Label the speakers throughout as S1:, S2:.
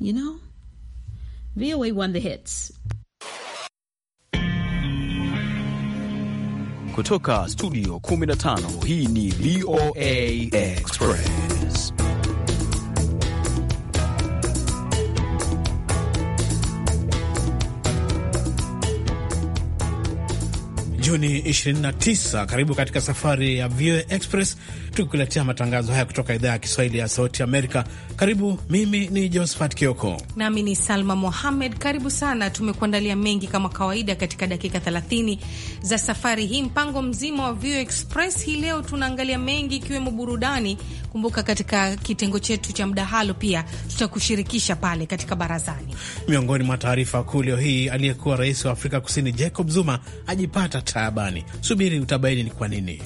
S1: You know? VOA won the hits.
S2: Kutoka studio 15 hii ni VOA Express. Juni 29, karibu katika safari ya VOA Express tukikuletea matangazo haya kutoka idhaa ya Kiswahili ya Sauti Amerika. Karibu, mimi ni Josephat Kioko
S3: nami ni Salma Mohamed. Karibu sana, tumekuandalia mengi kama kawaida katika dakika 30 za safari hii, mpango mzima wa Vio Express. Hii leo tunaangalia mengi ikiwemo burudani. Kumbuka katika kitengo chetu cha mdahalo pia tutakushirikisha pale katika barazani.
S2: Miongoni mwa taarifa kuu leo hii, aliyekuwa rais wa Afrika Kusini Jacob Zuma ajipata taabani. Subiri utabaini ni kwa nini.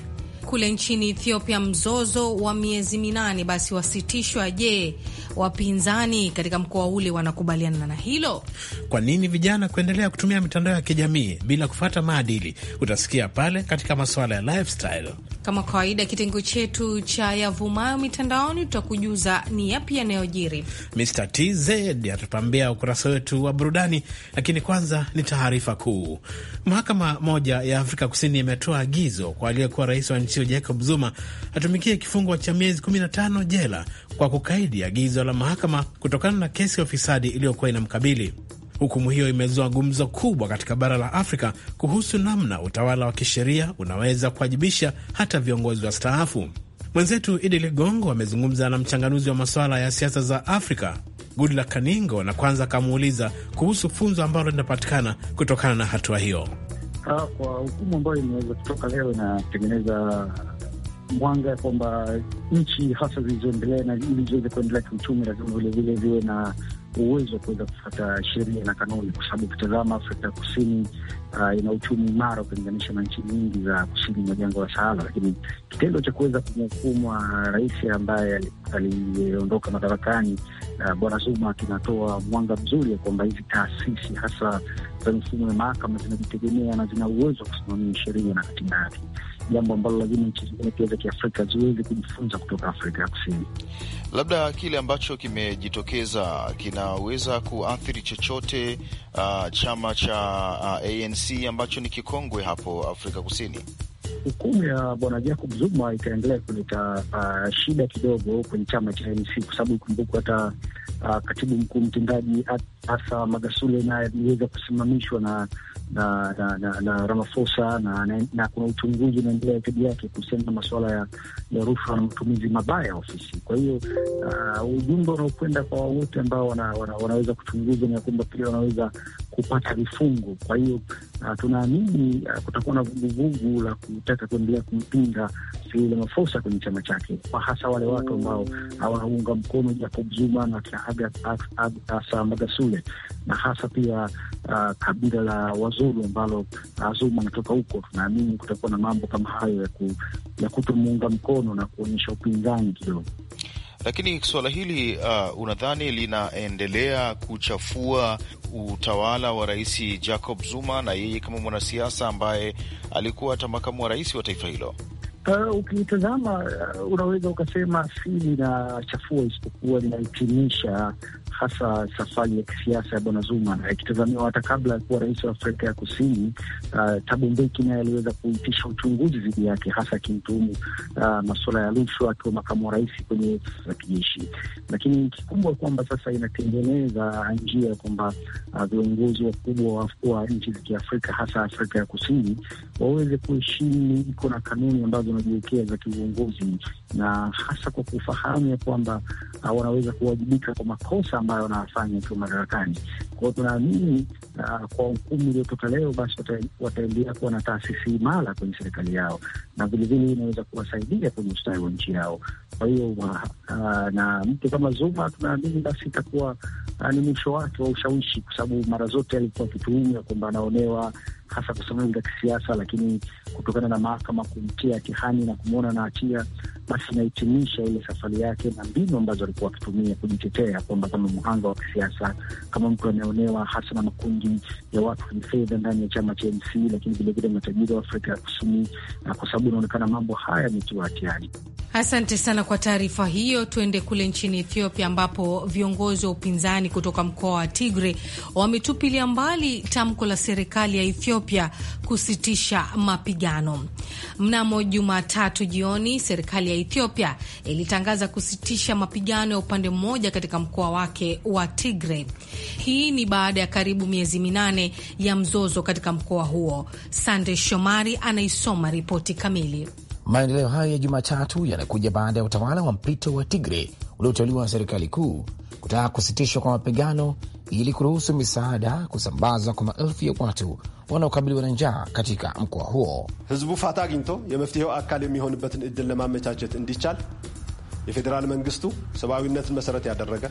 S3: Kule nchini Ethiopia mzozo wa miezi minane basi wasitishwa. Je, wapinzani katika mkoa ule wanakubaliana na hilo?
S2: Kwa nini vijana kuendelea kutumia mitandao ya kijamii bila kufata maadili? Utasikia pale katika masuala ya lifestyle.
S3: Kama kawaida, kitengo chetu cha yavumayo mitandaoni, tutakujuza ni yapi yanayojiri.
S2: Mr TZ atupambia ukurasa wetu wa burudani, lakini kwanza ni taarifa kuu. Mahakama moja ya Afrika Kusini imetoa agizo kwa aliyekuwa rais wa nchi Rais Jacob Zuma atumikia kifungo cha miezi 15 jela kwa kukaidi agizo la mahakama kutokana na kesi ya ufisadi iliyokuwa inamkabili. Hukumu hiyo imezua gumzo kubwa katika bara la Afrika kuhusu namna utawala wa kisheria unaweza kuwajibisha hata viongozi wa staafu Mwenzetu Idi Ligongo amezungumza na mchanganuzi wa masuala ya siasa za Afrika gudla Kaningo, na kwanza akamuuliza kuhusu funzo ambalo linapatikana kutokana na hatua hiyo
S4: kwa hukumu ambayo imeweza kutoka leo inatengeneza mwanga kwamba nchi hasa zilizoendelea na ili ziweze kuendelea kiuchumi lazima vilevile ziwe na uwezo wa kuweza kufata sheria na kanuni, kwa sababu ukitazama Afrika ya Kusini uh, ina uchumi imara ukilinganisha na nchi nyingi za kusini mwa jangwa la Sahara, lakini kitendo cha kuweza kumhukumwa rais ambaye aliondoka madarakani uh, bwana Zuma kinatoa mwanga mzuri ya kwamba hizi taasisi hasa za mifumo ya mahakama zinajitegemea na zina uwezo wa kusimamia sheria na katiba yake jambo ambalo lazima nchi zingine pia za Kiafrika ziweze kujifunza kutoka Afrika ya Kusini.
S1: Labda kile ambacho kimejitokeza kinaweza kuathiri chochote uh, chama cha uh, ANC ambacho ni kikongwe hapo Afrika Kusini.
S4: Hukumu ya bwana Jacob Zuma itaendelea kuleta uh, shida kidogo kwenye chama cha ANC kwa sababu ikumbukwa hata uh, katibu mkuu mtendaji hasa Magasule naye aliweza kusimamishwa na na na, na, na Ramafosa na, na, na kuna uchunguzi unaendelea dhidi yake kuhusiana na masuala ya, ya rushwa na matumizi mabaya ya ofisi. Kwa hiyo uh, ujumbe unaokwenda kwa wote ambao wana, wana, wanaweza kuchunguzwa na kwamba pia wanaweza kupata vifungo. Kwa hiyo uh, tunaamini uh, kutakuwa na vuguvugu la kutaka kuendelea kumpinga Cyril Ramaphosa kwenye chama chake, kwa hasa wale watu ambao hawaunga mkono Jacob Zuma na Asa na hasa pia uh, kabila la Wazulu ambalo uh, Zuma anatoka huko. Tunaamini kutakuwa na mambo kama hayo ya, ku, ya kutomuunga mkono na kuonyesha upinzani kidogo.
S1: Lakini suala hili uh, unadhani linaendelea kuchafua utawala wa Rais Jacob Zuma na yeye kama mwanasiasa ambaye alikuwa hata makamu wa rais wa taifa hilo?
S4: Uh, Ukiitazama uh, unaweza ukasema si linachafua, isipokuwa linahitimisha hasa safari ya kisiasa ya bwana Zuma ikitazamiwa hata kabla ya kuwa rais wa Afrika ya Kusini. Uh, Thabo Mbeki naye aliweza kuitisha uchunguzi dhidi yake, hasa akimtuhumu uh, masuala ya rushwa akiwa makamu wa rais kwenye za kijeshi. Lakini kikubwa kwamba sasa inatengeneza njia kwamba uh, viongozi wakubwa wa wa nchi za Kiafrika hasa Afrika ya Kusini waweze kuheshimu iko na kanuni ambazo wanajiwekea za kiuongozi, na hasa kwa kufahamu ya kwamba uh, wanaweza kuwajibika kwa makosa ambayo wanafanya ikiwa madarakani. Kwa hiyo tunaamini uh, kwa hukumu uliotoka leo, basi wataendelea kuwa na taasisi imara kwenye serikali yao, na vilevile hii inaweza kuwasaidia kwenye ustawi wa nchi yao. Kwa hiyo uh, na mtu kama Zuma tunaamini basi itakuwa uh, ni mwisho wake wa ushawishi, kwa sababu mara zote alikuwa akituumia kwamba anaonewa hasa kwa sababu za kisiasa, lakini kutokana na mahakama kumtia tihani na kumwona na hatia, basi inahitimisha ile safari yake na mbinu ambazo alikuwa akitumia kujitetea, kwamba kama mhanga wa kisiasa, kama mtu anaonewa hasa na makundi ya watu wenye fedha ndani ya chama cha MC, lakini vilevile matajiri wa Afrika ya Kusini, na kwa sababu inaonekana mambo haya yametiwa hatiani.
S3: Asante sana kwa taarifa hiyo. Tuende kule nchini Ethiopia ambapo viongozi wa upinzani kutoka mkoa wa Tigre wametupilia mbali tamko la serikali ya Ethiopia Ethiopia kusitisha mapigano. Mnamo Jumatatu jioni, serikali ya Ethiopia ilitangaza kusitisha mapigano ya upande mmoja katika mkoa wake wa tigre Hii ni baada ya karibu miezi minane ya mzozo katika mkoa huo. Sande Shomari anaisoma ripoti kamili.
S5: Maendeleo hayo ya Jumatatu yanakuja baada ya utawala wa mpito wa Tigre ulioteuliwa na serikali kuu kutaka kusitishwa kwa mapigano ili kuruhusu misaada kusambazwa kwa maelfu ya watu wanaokabiliwa na njaa katika mkoa huo.
S2: Hizbu fata aginto yemeftihው akal የሚሆንበትን እድል ለማመቻቸት እንዲቻል የፌዴራል መንግስቱ ሰብአዊነትን መሰረት ያደረገ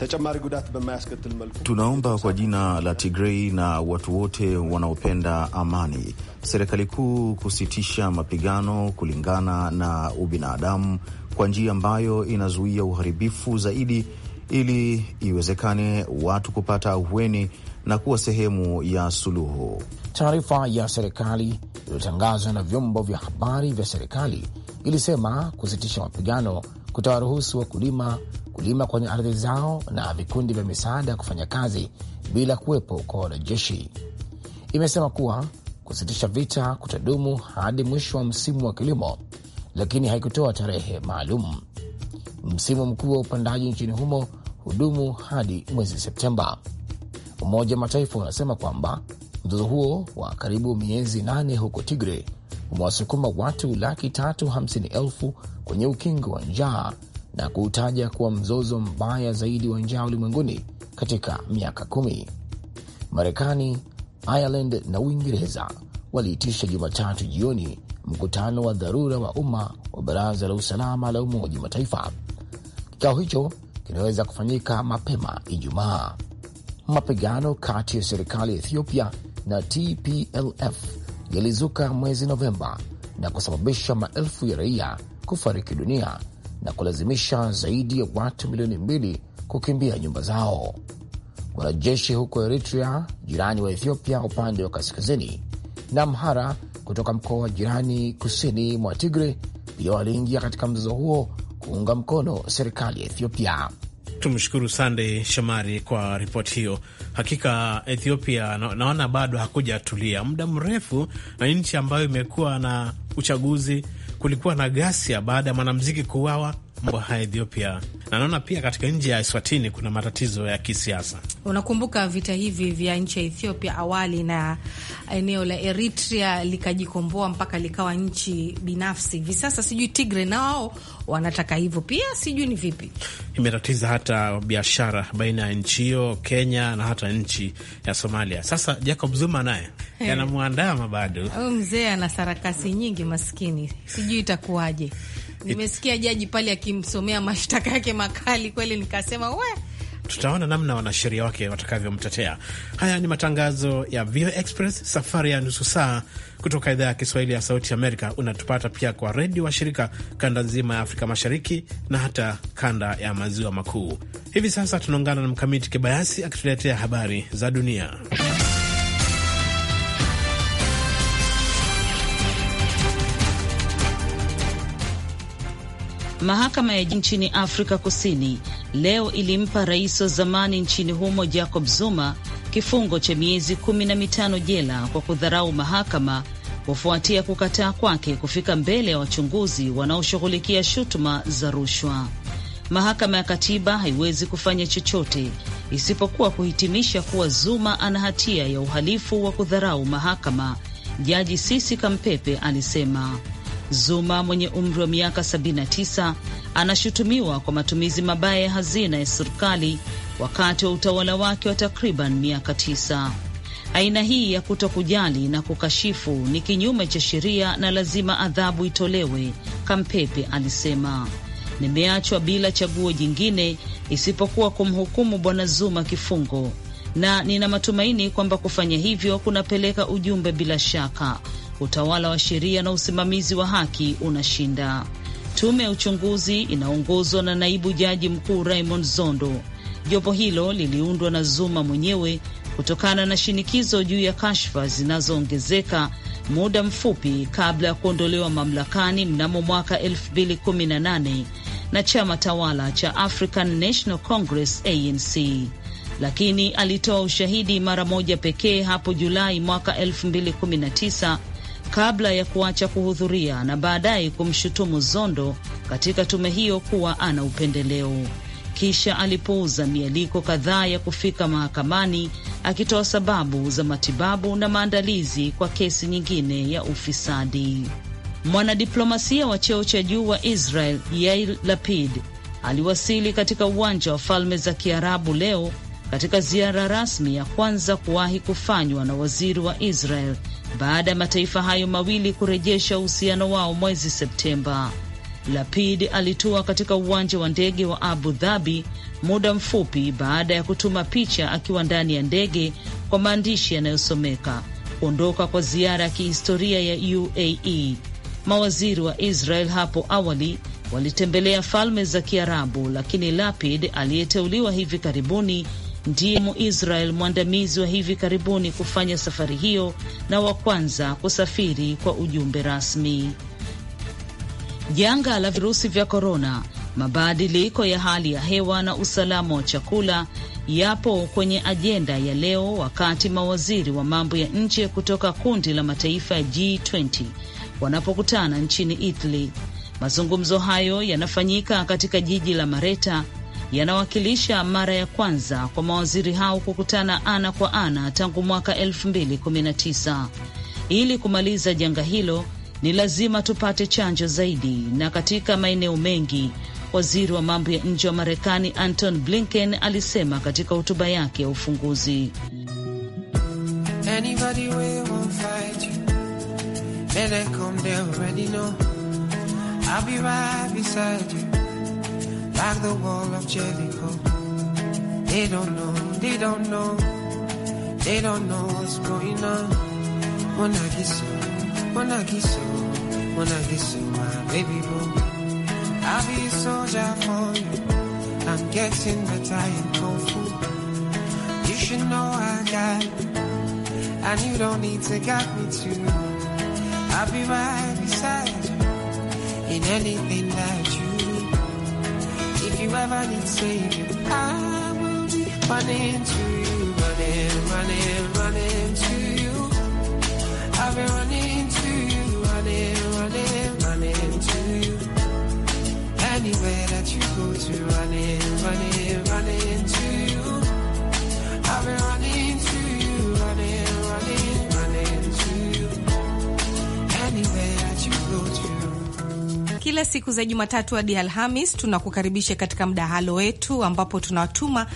S2: ተጨማሪ ጉዳት በማያስከትል መልኩ tunaomba kwa jina la Tigrei na watu wote wanaopenda
S5: amani, serikali kuu kusitisha mapigano kulingana na ubinadamu kwa njia ambayo inazuia uharibifu zaidi ili iwezekane watu kupata ahueni na kuwa sehemu ya suluhu. Taarifa ya serikali iliyotangazwa na vyombo vya habari vya serikali ilisema kusitisha mapigano kutawaruhusu wakulima kulima kwenye ardhi zao na vikundi vya misaada kufanya kazi bila kuwepo kwa wanajeshi. Imesema kuwa kusitisha vita kutadumu hadi mwisho wa msimu wa kilimo, lakini haikutoa tarehe maalum. Msimu mkuu wa upandaji nchini humo hudumu hadi mwezi Septemba. Umoja wa Mataifa unasema kwamba mzozo huo wa karibu miezi nane huko Tigre umewasukuma watu laki tatu hamsini elfu kwenye ukingo wa njaa na kuutaja kuwa mzozo mbaya zaidi wa njaa ulimwenguni katika miaka kumi. Marekani, Ireland na Uingereza waliitisha Jumatatu jioni mkutano wa dharura wa umma wa Baraza la Usalama la Umoja wa Mataifa. Kikao hicho kinaweza kufanyika mapema Ijumaa. Mapigano kati ya serikali ya Ethiopia na TPLF yalizuka mwezi Novemba na kusababisha maelfu ya raia kufariki dunia na kulazimisha zaidi ya watu milioni mbili kukimbia nyumba zao. Wanajeshi huko Eritrea, jirani wa Ethiopia upande wa kaskazini, na Amhara kutoka mkoa wa jirani kusini mwa Tigre pia waliingia katika mzozo huo kuunga mkono serikali ya Ethiopia.
S2: Tumshukuru Sandey Shomari kwa ripoti hiyo. Hakika Ethiopia naona bado hakujatulia muda mrefu, na nchi ambayo imekuwa na uchaguzi, kulikuwa na ghasia baada ya mwanamziki kuuawa mambo haya Ethiopia, na naona pia katika nchi ya Eswatini kuna matatizo ya kisiasa.
S3: Unakumbuka vita hivi vya nchi ya Ethiopia awali, na eneo la Eritrea likajikomboa mpaka likawa nchi binafsi. Hivi sasa sijui Tigre nao wanataka hivyo pia, sijui ni vipi.
S2: Imetatiza hata biashara baina ya nchi hiyo Kenya na hata nchi ya Somalia. Sasa Jacob Zuma naye yanamwandama bado,
S3: mzee ana sarakasi nyingi, maskini, sijui itakuwaje. Nimesikia jaji pale akimsomea mashtaka yake makali kweli, nikasema we
S2: tutaona namna wanasheria wake watakavyomtetea. Haya ni matangazo ya VOA Express, safari ya nusu saa kutoka idhaa ya Kiswahili ya Sauti Amerika. Unatupata pia kwa redio wa shirika kanda nzima ya Afrika Mashariki na hata kanda ya Maziwa Makuu. Hivi sasa tunaungana na Mkamiti Kibayasi akituletea habari za dunia.
S1: Mahakama ya nchini Afrika Kusini leo ilimpa rais wa zamani nchini humo Jacob Zuma kifungo cha miezi kumi na mitano jela kwa kudharau mahakama kufuatia kukataa kwake kufika mbele ya wa wachunguzi wanaoshughulikia shutuma za rushwa. Mahakama ya Katiba haiwezi kufanya chochote isipokuwa kuhitimisha kuwa Zuma ana hatia ya uhalifu wa kudharau mahakama, Jaji Sisi Kampepe alisema. Zuma mwenye umri wa miaka 79 anashutumiwa kwa matumizi mabaya ya hazina ya serikali wakati wa utawala wake wa takriban miaka tisa. Aina hii ya kuto kujali na kukashifu ni kinyume cha sheria na lazima adhabu itolewe, Kampepe alisema. Nimeachwa bila chaguo jingine isipokuwa kumhukumu Bwana Zuma kifungo, na nina matumaini kwamba kufanya hivyo kunapeleka ujumbe bila shaka utawala wa sheria na usimamizi wa haki unashinda. Tume ya uchunguzi inaongozwa na naibu jaji mkuu Raymond Zondo. Jopo hilo liliundwa na Zuma mwenyewe kutokana na shinikizo juu ya kashfa zinazoongezeka muda mfupi kabla ya kuondolewa mamlakani mnamo mwaka 2018 na chama tawala cha African National Congress ANC, lakini alitoa ushahidi mara moja pekee hapo Julai mwaka 2019 kabla ya kuacha kuhudhuria na baadaye kumshutumu Zondo katika tume hiyo kuwa ana upendeleo. Kisha alipouza mialiko kadhaa ya kufika mahakamani akitoa sababu za matibabu na maandalizi kwa kesi nyingine ya ufisadi. Mwanadiplomasia wa cheo cha juu wa Israel Yair Lapid aliwasili katika uwanja wa Falme za Kiarabu leo katika ziara rasmi ya kwanza kuwahi kufanywa na waziri wa Israel baada ya mataifa hayo mawili kurejesha uhusiano wao mwezi Septemba. Lapid alitua katika uwanja wa ndege wa Abu Dhabi muda mfupi baada ya kutuma picha akiwa ndani ya ndege kwa maandishi yanayosomeka kuondoka kwa ziara ya kihistoria ya UAE. Mawaziri wa Israel hapo awali walitembelea falme za Kiarabu, lakini Lapid aliyeteuliwa hivi karibuni ndiye Muisrael mwandamizi wa hivi karibuni kufanya safari hiyo na wa kwanza kusafiri kwa ujumbe rasmi. Janga la virusi vya korona, mabadiliko ya hali ya hewa na usalama wa chakula yapo kwenye ajenda ya leo, wakati mawaziri wa mambo ya nje kutoka kundi la mataifa ya G20 wanapokutana nchini Italy. Mazungumzo hayo yanafanyika katika jiji la Mareta yanawakilisha mara ya kwanza kwa mawaziri hao kukutana ana kwa ana tangu mwaka 2019. Ili kumaliza janga hilo ni lazima tupate chanjo zaidi, na katika maeneo mengi Waziri wa mambo ya nje wa Marekani Anton Blinken alisema katika hotuba yake ya ufunguzi.
S6: Anybody like the wall of Jericho. They don't know, they don't know, they don't know what's going on. When I get so, when I get so, when I get so, my baby boy. I'll be a soldier for you. I'm getting the in Kung Fu. You should know I got you. And you don't need to guide me too. I'll be right beside you in anything that you you ever need saving, I will be running to you, running, running, running to you. I've been running to you, running, running, running to you. Anywhere that you go to, running, running, running to you. I've been running
S3: kila siku za Jumatatu hadi Alhamis tunakukaribisha katika mdahalo wetu ambapo tunawatuma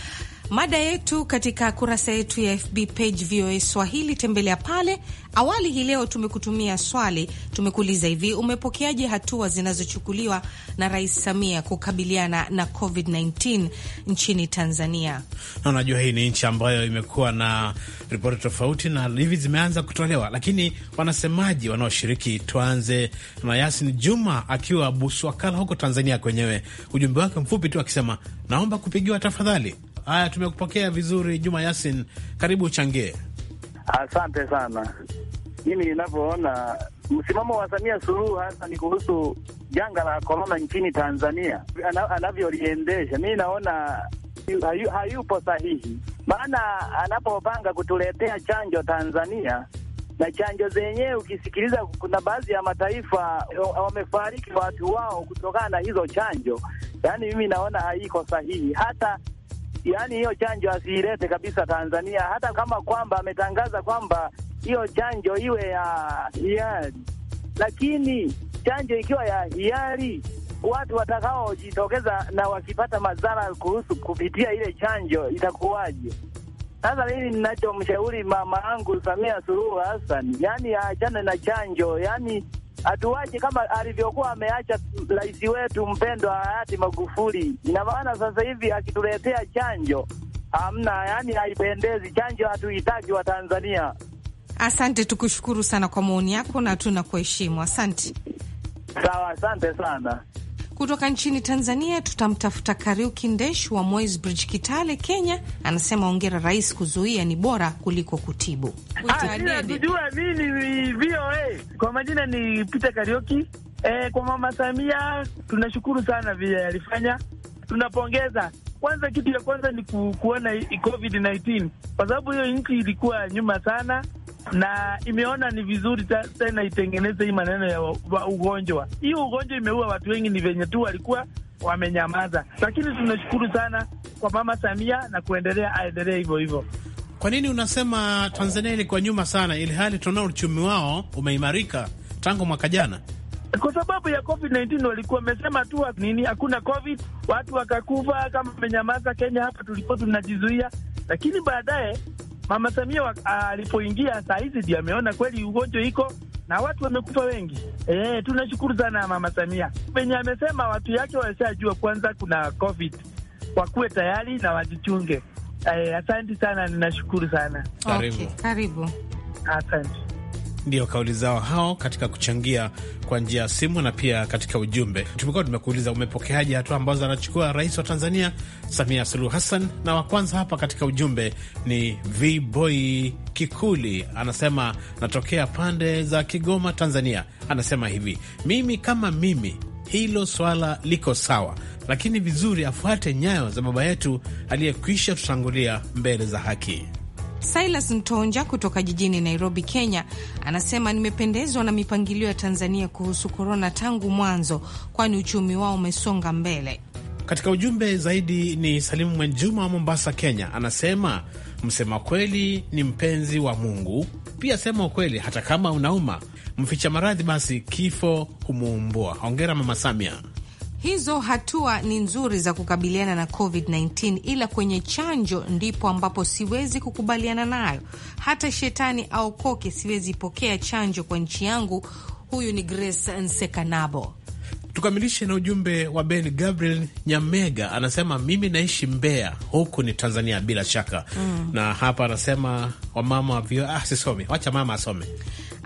S3: Mada yetu katika kurasa yetu ya FB page VOA Swahili, tembelea pale. Awali hii leo tumekutumia swali, tumekuuliza hivi, umepokeaje hatua zinazochukuliwa na Rais Samia kukabiliana na COVID-19 nchini Tanzania?
S2: Na unajua hii ni nchi ambayo imekuwa na ripoti tofauti na hivi zimeanza kutolewa, lakini wanasemaji wanaoshiriki. Tuanze na Yasin Juma akiwa Buswakala huko Tanzania kwenyewe, ujumbe wake mfupi tu akisema, naomba kupigiwa tafadhali. Haya, tumekupokea vizuri Juma Yasin, karibu uchangie.
S7: Asante sana. Mimi ninavyoona msimamo wa Samia Suluhu ni kuhusu janga la korona nchini Tanzania anavyoliendesha, mi naona hayu, hayupo sahihi, maana anapopanga kutuletea chanjo Tanzania na chanjo zenyewe ukisikiliza, kuna baadhi ya mataifa wamefariki watu wao kutokana na hizo chanjo. Yaani mimi naona haiko sahihi hata yaani hiyo chanjo asiilete kabisa Tanzania, hata kama kwamba ametangaza kwamba hiyo chanjo iwe ya hiari, lakini chanjo ikiwa ya hiari watu watakaojitokeza na wakipata madhara kuhusu kupitia ile chanjo itakuwaje? Sasa mimi ninachomshauri mama yangu Samia Suluhu Hassan, yani aachane na chanjo, yani hatuache kama alivyokuwa ameacha rais wetu mpendwa hayati Magufuli. Ina maana sasa hivi akituletea chanjo hamna, yani haipendezi. Chanjo hatuhitaji wa Tanzania.
S3: Asante, tukushukuru sana kwa maoni yako na tunakuheshimu. Asante.
S7: Sawa, asante sana.
S3: Kutoka nchini Tanzania tutamtafuta Kariuki Ndesh wa Moi's Bridge, Kitale, Kenya. Anasema ongera rais, kuzuia ni bora kuliko kutibu.
S8: Ah, kujua nini VOA kwa majina ni Peter Kariuki. E, kwa mama Samia tunashukuru sana vile alifanya, tunapongeza. Kwanza kitu ya kwanza ni ku, kuona COVID-19 kwa sababu hiyo nchi ilikuwa nyuma sana na imeona ni vizuri tena itengeneze hii maneno ya ugonjwa. Hii ugonjwa imeua watu wengi, ni venye tu walikuwa wamenyamaza, lakini tunashukuru sana kwa Mama Samia na kuendelea, aendelee hivyo hivyo.
S2: Kwa nini unasema Tanzania ilikuwa nyuma sana, ili hali tunaona uchumi wao umeimarika tangu mwaka jana?
S8: Kwa sababu ya Covid 19 walikuwa wamesema tu nini, hakuna Covid, watu wakakufa kama wamenyamaza. Kenya hapa tulikuwa tunajizuia, lakini baadaye Mama Samia alipoingia saa hizi ndio ameona kweli ugonjwa iko na watu wamekufa wengi. E, tunashukuru sana Mama Samia venye amesema watu yake washajua kwanza kuna COVID, wakuwe tayari na wajichunge. E, asante sana, ninashukuru sana. Okay, karibu, asante.
S2: Ndiyo kauli zao hao katika kuchangia kwa njia ya simu na pia katika ujumbe. Tumekuwa tumekuuliza umepokeaje hatua ambazo anachukua rais wa Tanzania Samia Suluhu Hassan, na wa kwanza hapa katika ujumbe ni Vboy Kikuli, anasema natokea pande za Kigoma, Tanzania. Anasema hivi, mimi kama mimi hilo swala liko sawa, lakini vizuri afuate nyayo za baba yetu aliyekwisha tutangulia mbele za haki.
S3: Silas Ntonja kutoka jijini Nairobi, Kenya, anasema nimependezwa na mipangilio ya Tanzania kuhusu korona tangu mwanzo, kwani uchumi wao umesonga mbele.
S2: Katika ujumbe zaidi ni Salimu Mwenjuma wa Mombasa, Kenya, anasema msema kweli ni mpenzi wa Mungu, pia sema ukweli hata kama unauma. Mficha maradhi basi kifo humuumbua. Hongera Mama Samia.
S3: Hizo hatua ni nzuri za kukabiliana na COVID-19, ila kwenye chanjo ndipo ambapo siwezi kukubaliana nayo. Hata shetani aokoke, siwezi pokea chanjo kwa nchi yangu. Huyu ni Grace Nsekanabo. Tukamilishe na
S2: ujumbe wa Ben Gabriel Nyamega, anasema mimi naishi Mbeya, huku ni Tanzania bila shaka mm. na hapa anasema wamama vio, ah, sisomi, wacha mama asome.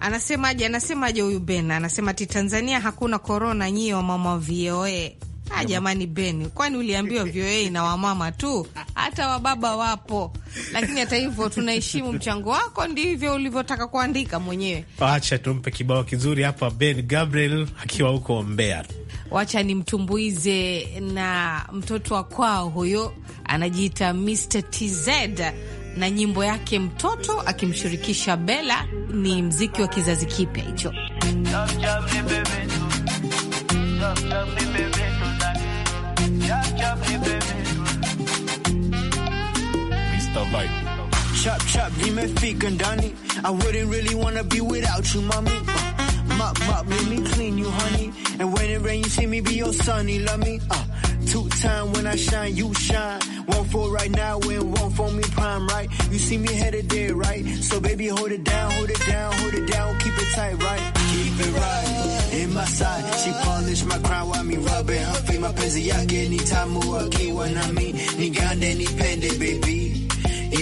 S3: Anasemaje? Anasemaje huyu Ben? Anasema ti Tanzania hakuna korona, nyie wamama VOA. Ha, ah, jamani Ben, kwani uliambiwa VOA na wamama tu? Hata wababa wapo, lakini hata hivyo tunaheshimu mchango wako, ndivyo ulivyotaka kuandika mwenyewe.
S2: Acha tumpe kibao kizuri hapa, Ben Gabriel akiwa huko Mbeya.
S3: Wacha nimtumbuize na mtoto wa kwao huyo, anajiita Mr TZ na nyimbo yake mtoto akimshirikisha Bella. Ni mziki wa kizazi kipya hicho.
S9: Chap chap nimefika ndani. I wouldn't really wanna be without you, mommy. mop mop, let me clean you, honey. And when it you see me be your sunny, love me. Uh, Two time when I shine, you shine. One for right now and one for me prime, right? You see me headed there, right? So baby, hold it down, hold it down, hold it down, keep it tight, right? Keep it right in my side. She polish my crown while me rubbing her feet. I Keep ni I mean. ni mi, ni pende baby,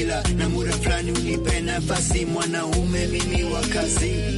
S9: ila namura muda fulani unipe nafasi, mwanaume mimi wa kazi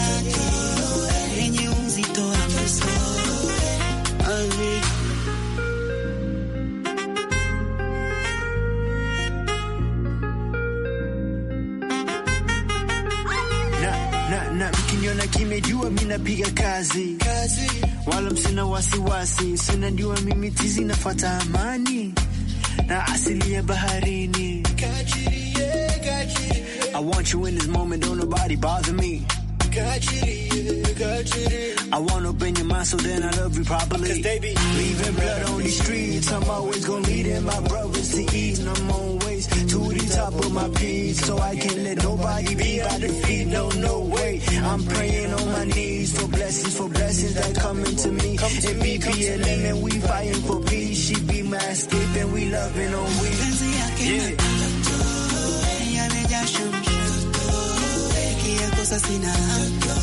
S9: Unajua mimi napiga kazi, kazi, wala sina wasiwasi, sinajua mimi tizi nafuata amani na asili ya baharini. Kachirie, kachirie. I want you in this moment, don't nobody bother me. Kachirie, kachirie. I want to open your mind so then I love you properly. they be leaving blood on the streets. I'm always gonna lead in my brothers to eat and I'm always to top of my peace, so I can't let nobody be by of feet. No, no way. I'm praying on my knees for blessings, for blessings that come into me. And me BLM and we fighting for peace. She be my escape and we loving on we. Yeah. Ella me
S6: llama, que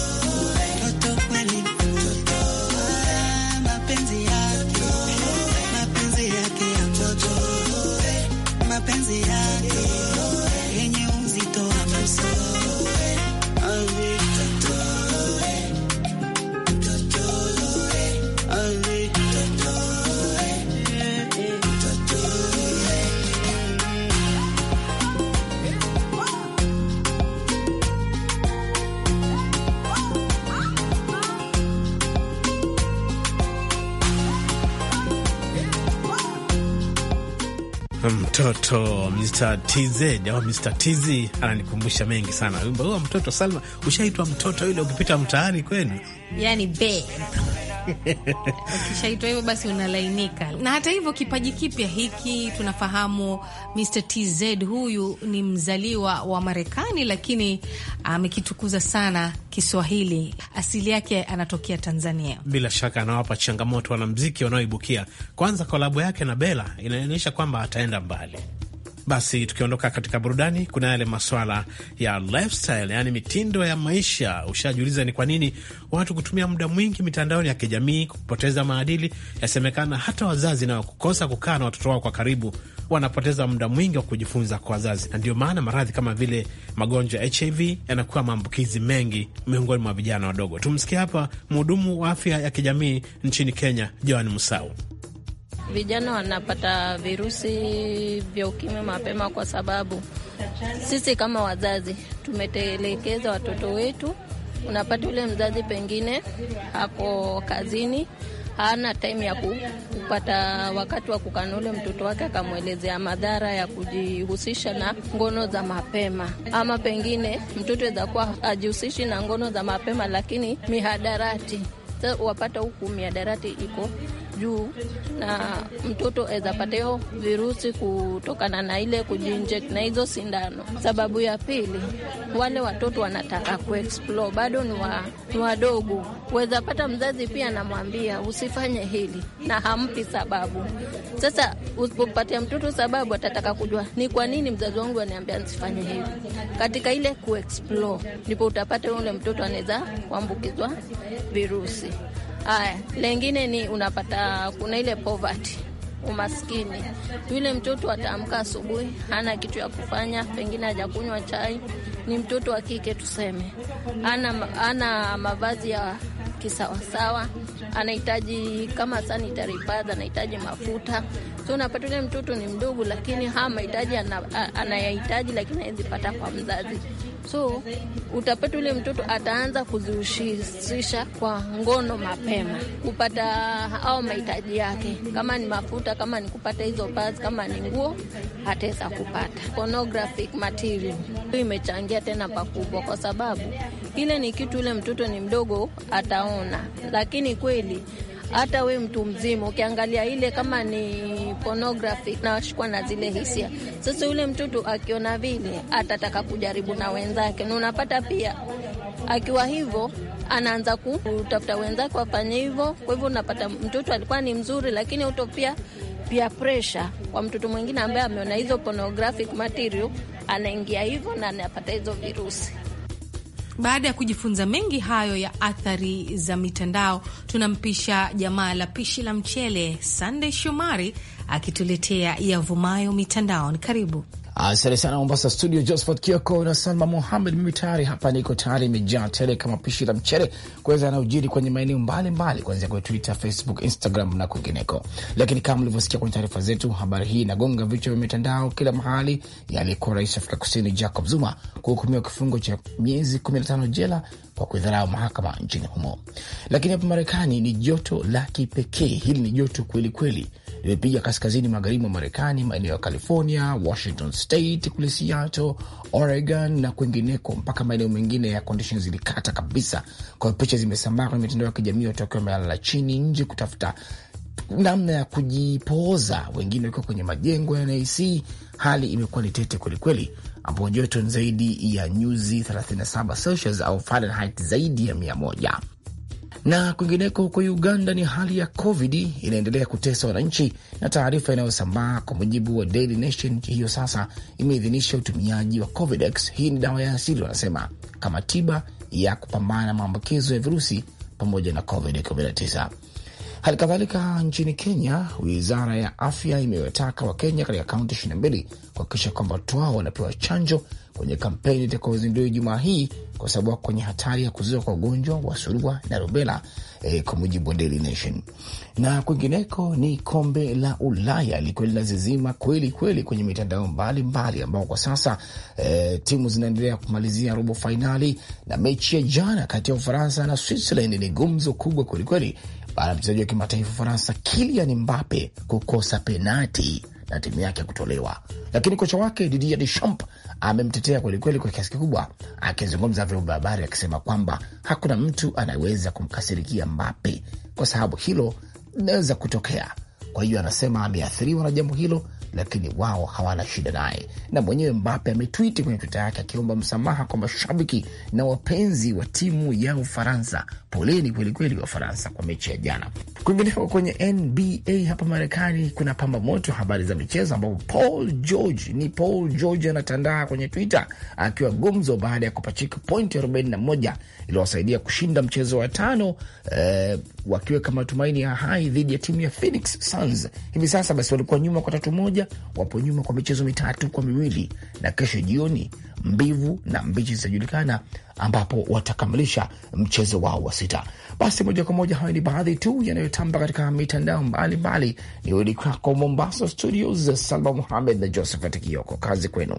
S2: mtoto Mr. TZ au Mr. TZ ananikumbusha mengi sana. Wimbo huo mtoto Salma, ushaitwa mtoto yule ukipita mtaani kwenu,
S3: yani babe ukishaitwa hivyo basi unalainika. Na hata hivyo kipaji kipya hiki tunafahamu, Mr TZ huyu ni mzaliwa wa Marekani, lakini amekitukuza sana Kiswahili. Asili yake anatokea Tanzania.
S2: Bila shaka anawapa changamoto wanamziki wanaoibukia. Kwanza kolabu yake na Bela inaonyesha kwamba ataenda mbali. Basi tukiondoka katika burudani, kuna yale maswala ya lifestyle, yaani mitindo ya maisha. Ushajiuliza ni kwa nini watu kutumia muda mwingi mitandaoni ya kijamii, kupoteza maadili? Yasemekana hata wazazi nao kukosa kukaa na watoto wao kwa karibu, wanapoteza muda mwingi wa kujifunza kwa wazazi, na ndio maana maradhi kama vile magonjwa ya HIV yanakuwa maambukizi mengi miongoni mwa vijana wadogo. Tumsikie hapa mhudumu wa afya ya kijamii nchini Kenya, Joan Musau
S10: vijana wanapata virusi vya ukimwi mapema, kwa sababu sisi kama wazazi tumetelekeza watoto wetu. Unapata yule mzazi pengine ako kazini, hana taimu ya kupata wakati wa kukana ule mtoto wake, akamwelezea madhara ya kujihusisha na ngono za mapema, ama pengine mtoto aweza kuwa ajihusishi na ngono za mapema, lakini mihadarati wapata huku mihadarati iko juu, na mtoto aweza pata virusi kutokana na ile kujinject na hizo sindano. Sababu ya pili, wale watoto wanataka kuexplore, bado ni wadogo, weza pata mzazi pia anamwambia usifanye hili na hampi sababu. Sasa usipopatia mtoto sababu, atataka kujua ni kwa nini mzazi wangu ananiambia nisifanye hili. Katika ile kuexplore, ndipo utapata yule mtoto anaweza kuambukizwa virusi. Haya, lengine ni unapata kuna ile poverty umaskini. Yule mtoto ataamka asubuhi, hana kitu ya kufanya, pengine hajakunywa chai. Ni mtoto wa kike tuseme, ana ana mavazi ya kisawasawa, anahitaji kama sanitary pads, anahitaji mafuta. So unapata yule mtoto ni mdogo, lakini haya mahitaji anayahitaji, lakini awezipata kwa mzazi so utapata ule mtoto ataanza kuzihusisha kwa ngono mapema, kupata au mahitaji yake, kama ni mafuta, kama ni kupata hizo pads, kama ni nguo, ataweza kupata pornographic material. Hiyo imechangia tena pakubwa, kwa sababu ile ni kitu ule mtoto ni mdogo ataona, lakini kweli hata we mtu mzima ukiangalia ile kama ni pornography, nawashikwa na zile hisia. Sasa yule mtoto akiona vile atataka kujaribu na wenzake, na unapata pia akiwa hivyo anaanza kutafuta wenzake wafanye hivyo. Kwa hivyo unapata mtoto alikuwa ni mzuri, lakini utopia pia presha kwa mtoto mwingine ambaye ameona hizo pornographic material, anaingia hivyo na anapata hizo virusi.
S3: Baada ya kujifunza mengi hayo ya athari za mitandao, tunampisha jamaa la pishi la mchele Sandey Shomari akituletea yavumayo mitandaoni. Karibu.
S5: Asante sana Mombasa studio, Josphat Kioko na Salma Muhamed. Mimi tayari hapa niko tayari, imejaa tele kama pishi la mchere kuweza yanayojiri kwenye maeneo mbalimbali, kuanzia kwenye Twitter, Facebook, Instagram na kwingineko. Lakini kama mlivyosikia kwenye taarifa zetu, habari hii inagonga vichwa vya mitandao kila mahali, yaliyekuwa rais Afrika Kusini Jacob Zuma kuhukumiwa kifungo cha miezi 15 jela kwa kuidharau mahakama nchini humo. Lakini hapa Marekani ni joto la kipekee, hili ni joto kwelikweli, limepiga kaskazini magharibi mwa Marekani, maeneo ya California, Washington State kule Seattle, Oregon na kwingineko, mpaka maeneo mengine ya condition zilikata kabisa. Kwa hiyo picha zimesambaa kwenye mitandao ya kijamii, watu wakiwa wamelala chini nje kutafuta namna ya kujipooza, wengine wakiwa kwenye majengo ya nac Hali imekuwa ni tete kwelikweli, ambapo joto zaidi ya nyuzi 37 Celsius au Fahrenheit zaidi ya mia moja. Na kwingineko huko Uganda ni hali ya COVID inaendelea kutesa wananchi, na taarifa inayosambaa kwa mujibu wa Daily Nation, nchi hiyo sasa imeidhinisha utumiaji wa Covidex. Hii ni dawa ya asili wanasema, kama tiba ya kupambana na maambukizo ya virusi pamoja na COVID-19. Hali kadhalika nchini Kenya, wizara ya afya imewataka Wakenya katika kaunti 22 kuhakikisha kwamba watu wao wanapewa chanjo kwenye kampeni itakayozinduliwa Ijumaa hii kwa sababu wako kwenye hatari ya kuzuka kwa ugonjwa wa surua na rubela eh, kwa mujibu wa Daily Nation. Na kwingineko ni kombe la Ulaya likiwa linazizima kweli kweli kwenye mitandao mbalimbali, ambao kwa sasa eh, timu zinaendelea kumalizia robo fainali, na mechi ya jana kati ya Ufaransa na Switzerland ni gumzo kubwa kwelikweli baada ya mchezaji wa kimataifa Ufaransa Kylian Mbappe kukosa penati na timu yake kutolewa, lakini kocha wake Didier Deschamps amemtetea kwelikweli kwa kiasi kikubwa, akizungumza vyombo vya habari akisema kwamba hakuna mtu anayeweza kumkasirikia Mbappe kwa sababu hilo linaweza kutokea. Kwa hiyo anasema ameathiriwa na jambo hilo, lakini wao hawana shida naye. Na mwenyewe Mbappe ametwiti kwenye Twitter yake akiomba msamaha kwa mashabiki na wapenzi wa timu ya Ufaransa Poleni kwelikweli Wafaransa kwa mechi ya jana. Kwingineko kwenye NBA hapa Marekani kuna pamba moto habari za michezo, ambapo Paul George ni Paul George anatandaa kwenye Twitter akiwa gumzo baada ya kupachika pointi 41 iliyowasaidia kushinda mchezo wa tano eh, wakiweka matumaini ya hai dhidi ya timu ya Phoenix Suns. Hivi sasa basi walikuwa nyuma kwa tatu moja, wapo nyuma kwa michezo mitatu kwa miwili, na kesho jioni mbivu na mbichi zitajulikana ambapo watakamilisha mchezo wao wa sita. Basi moja kwa moja, hayo ni baadhi tu yanayotamba katika mitandao mbalimbali. Ni wedi kwako Mombasa, studio za Salma Muhamed na Josephat Kioko. Kazi kwenu.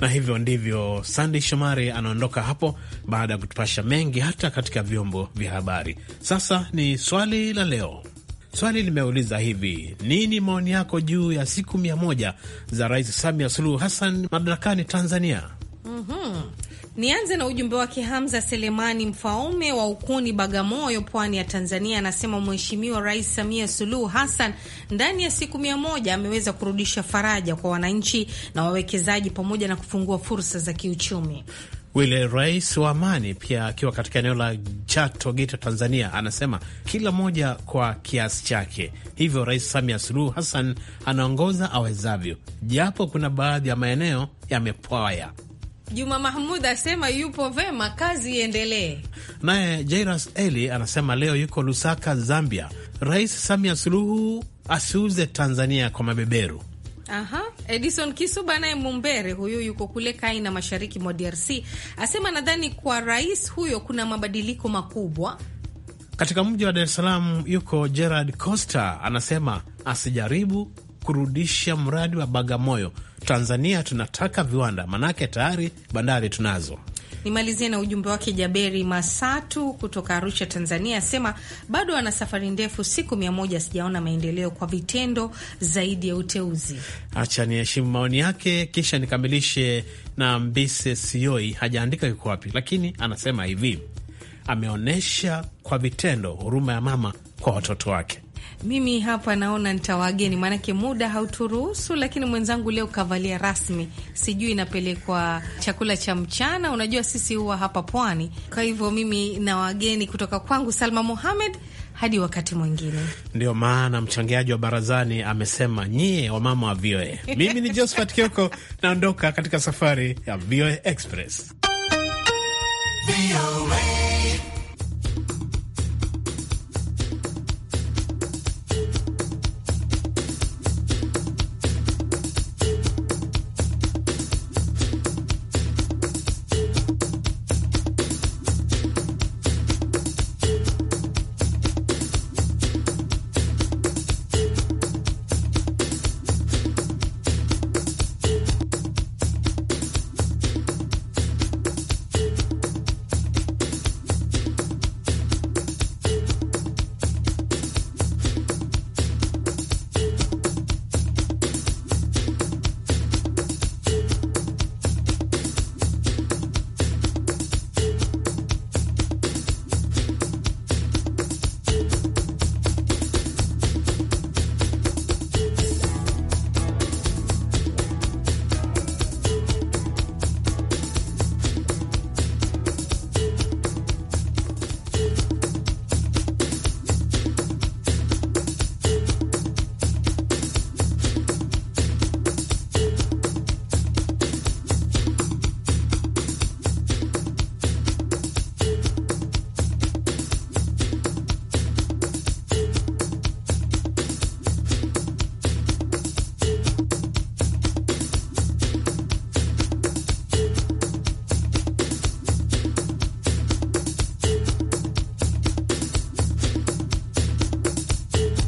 S2: Na hivyo ndivyo Sandey Shomari anaondoka hapo baada ya kutupasha mengi hata katika vyombo vya habari. Sasa ni swali la leo. Swali limeuliza hivi: nini maoni yako juu ya siku mia moja za Rais Samia Suluhu Hassan madarakani Tanzania?
S3: mm -hmm. Nianze na ujumbe wake Hamza Selemani Mfaume wa Ukuni, Bagamoyo, pwani ya Tanzania. Anasema Mheshimiwa Rais Samia Suluhu Hassan ndani ya siku mia moja ameweza kurudisha faraja kwa wananchi na wawekezaji pamoja na kufungua fursa za kiuchumi.
S2: Wile rais wa amani pia akiwa katika eneo la Chato, Geita, Tanzania, anasema kila mmoja kwa kiasi chake. Hivyo Rais Samia Suluhu Hassan anaongoza awezavyo, japo kuna baadhi ya maeneo yamepwaya.
S3: Juma Mahmud asema yupo vema, kazi iendelee.
S2: Naye Jairas Eli anasema leo yuko Lusaka, Zambia. Rais Samia
S3: Suluhu
S2: asiuze Tanzania kwa mabeberu.
S3: Aha. Edison Kisuba naye Mumbere, huyu yuko kule Kaina, mashariki mwa DRC, asema nadhani kwa rais huyo kuna mabadiliko makubwa
S2: katika mji wa Dar es Salaam. Yuko Gerard Costa anasema asijaribu kurudisha mradi wa Bagamoyo Tanzania tunataka viwanda, manake tayari bandari tunazo.
S3: Nimalizie na ujumbe wake Jaberi Masatu kutoka Arusha, Tanzania, asema bado ana safari ndefu, siku mia moja sijaona maendeleo kwa vitendo zaidi ya uteuzi.
S2: Acha niheshimu maoni yake, kisha nikamilishe na Mbise Sioi. Hajaandika yuko wapi, lakini anasema hivi, ameonyesha kwa vitendo huruma ya mama kwa watoto wake.
S3: Mimi hapa naona nitawageni, maanake muda hauturuhusu, lakini mwenzangu leo kavalia rasmi, sijui inapelekwa chakula cha mchana. Unajua sisi huwa hapa pwani, kwa hivyo mimi na wageni kutoka kwangu Salma Mohamed hadi wakati mwingine.
S2: Ndio maana mchangiaji wa barazani amesema nyie wamama wa VOA. Mimi ni Josephat Kioko, naondoka katika safari ya VOA Express.